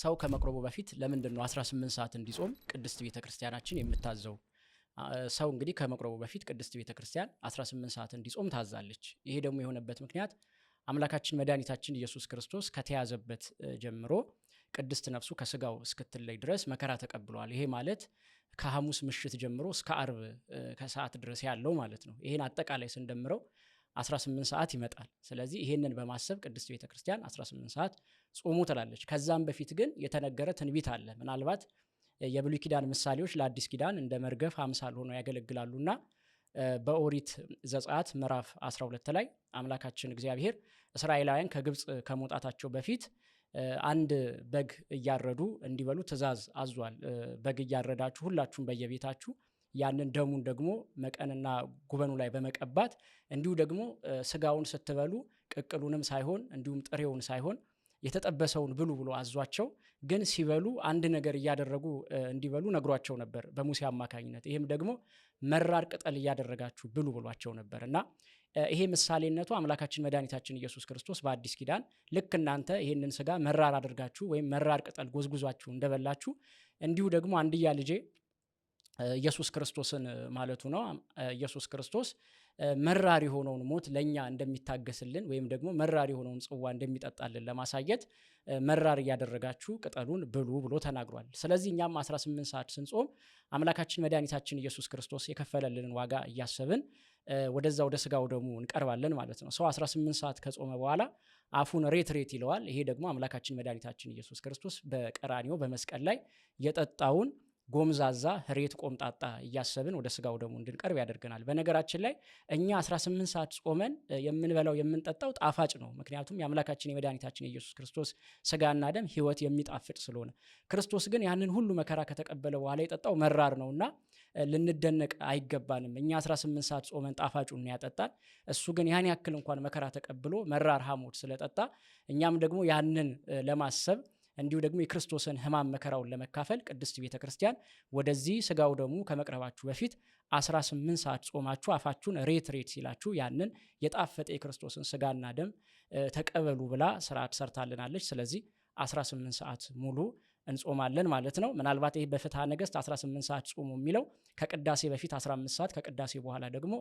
ሰው ከመቅረቡ በፊት ለምንድን ነው 18 ሰዓት እንዲጾም ቅድስት ቤተ ክርስቲያናችን የምታዘው? ሰው እንግዲህ ከመቅረቡ በፊት ቅድስት ቤተ ክርስቲያን 18 ሰዓት እንዲጾም ታዛለች። ይሄ ደግሞ የሆነበት ምክንያት አምላካችን መድኃኒታችን ኢየሱስ ክርስቶስ ከተያዘበት ጀምሮ ቅድስት ነፍሱ ከስጋው እስክትለይ ድረስ መከራ ተቀብሏል። ይሄ ማለት ከሐሙስ ምሽት ጀምሮ እስከ አርብ ከሰዓት ድረስ ያለው ማለት ነው። ይህን አጠቃላይ ስንደምረው 18 ሰዓት ይመጣል። ስለዚህ ይሄንን በማሰብ ቅድስት ቤተ ክርስቲያን 18 ሰዓት ጾሙ ትላለች። ከዛም በፊት ግን የተነገረ ትንቢት አለ። ምናልባት የብሉይ ኪዳን ምሳሌዎች ለአዲስ ኪዳን እንደ መርገፍ አምሳል ሆነው ያገለግላሉና በኦሪት ዘጸአት ምዕራፍ 12 ላይ አምላካችን እግዚአብሔር እስራኤላውያን ከግብፅ ከመውጣታቸው በፊት አንድ በግ እያረዱ እንዲበሉ ትእዛዝ አዟል። በግ እያረዳችሁ ሁላችሁም በየቤታችሁ ያንን ደሙን ደግሞ መቀንና ጉበኑ ላይ በመቀባት እንዲሁ ደግሞ ስጋውን ስትበሉ ቅቅሉንም ሳይሆን እንዲሁም ጥሬውን ሳይሆን የተጠበሰውን ብሉ ብሎ አዟቸው፣ ግን ሲበሉ አንድ ነገር እያደረጉ እንዲበሉ ነግሯቸው ነበር በሙሴ አማካኝነት። ይህም ደግሞ መራር ቅጠል እያደረጋችሁ ብሉ ብሏቸው ነበር እና ይሄ ምሳሌነቱ አምላካችን መድኃኒታችን ኢየሱስ ክርስቶስ በአዲስ ኪዳን ልክ እናንተ ይህንን ስጋ መራር አድርጋችሁ ወይም መራር ቅጠል ጎዝጉዟችሁ እንደበላችሁ እንዲሁ ደግሞ አንድያ ልጄ ኢየሱስ ክርስቶስን ማለቱ ነው። ኢየሱስ ክርስቶስ መራር የሆነውን ሞት ለእኛ እንደሚታገስልን ወይም ደግሞ መራር የሆነውን ጽዋ እንደሚጠጣልን ለማሳየት መራር እያደረጋችሁ ቅጠሉን ብሉ ብሎ ተናግሯል። ስለዚህ እኛም 18 ሰዓት ስንጾም አምላካችን መድኃኒታችን ኢየሱስ ክርስቶስ የከፈለልንን ዋጋ እያሰብን ወደዛ ወደ ስጋው ደግሞ እንቀርባለን ማለት ነው። ሰው 18 ሰዓት ከጾመ በኋላ አፉን ሬት ሬት ይለዋል። ይሄ ደግሞ አምላካችን መድኃኒታችን ኢየሱስ ክርስቶስ በቀራኒው በመስቀል ላይ የጠጣውን ጎምዛዛ ህሬት ቆምጣጣ እያሰብን ወደ ስጋው ደግሞ እንድንቀርብ ያደርገናል። በነገራችን ላይ እኛ 18 ሰዓት ጾመን የምንበላው የምንጠጣው ጣፋጭ ነው። ምክንያቱም የአምላካችን የመድኃኒታችን የኢየሱስ ክርስቶስ ስጋና ደም ህይወት የሚጣፍጥ ስለሆነ፣ ክርስቶስ ግን ያንን ሁሉ መከራ ከተቀበለ በኋላ የጠጣው መራር እና ልንደነቅ አይገባንም። እኛ 18 ሰዓት ጾመን ጣፋጩን ያጠጣል እሱ ግን ያን ያክል እንኳን መከራ ተቀብሎ መራር ሐሞት ስለጠጣ እኛም ደግሞ ያንን ለማሰብ እንዲሁ ደግሞ የክርስቶስን ህማም መከራውን ለመካፈል ቅድስት ቤተ ክርስቲያን ወደዚህ ስጋው ደግሞ ከመቅረባችሁ በፊት 18 ሰዓት ጾማችሁ አፋችሁን ሬት ሬት ሲላችሁ ያንን የጣፈጠ የክርስቶስን ስጋና ደም ተቀበሉ ብላ ስርዓት ሰርታልናለች። ስለዚህ 18 ሰዓት ሙሉ እንጾማለን ማለት ነው። ምናልባት ይህ በፍትሐ ነገሥት 18 ሰዓት ጾሙ የሚለው ከቅዳሴ በፊት 15 ሰዓት ከቅዳሴ በኋላ ደግሞ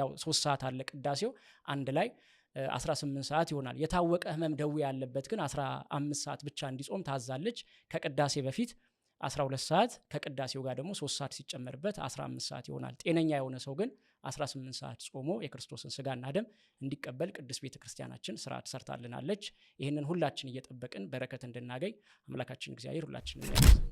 ያው 3 ሰዓት አለ ቅዳሴው አንድ ላይ 18 ሰዓት ይሆናል። የታወቀ ህመም ደዌ ያለበት ግን 15 ሰዓት ብቻ እንዲጾም ታዛለች። ከቅዳሴ በፊት 12 ሰዓት ከቅዳሴው ጋር ደግሞ 3 ሰዓት ሲጨመርበት 15 ሰዓት ይሆናል። ጤነኛ የሆነ ሰው ግን 18 ሰዓት ጾሞ የክርስቶስን ስጋና ደም እንዲቀበል ቅድስት ቤተ ክርስቲያናችን ስርዓት ሰርታልናለች። ይህንን ሁላችን እየጠበቅን በረከት እንድናገኝ አምላካችን እግዚአብሔር ሁላችን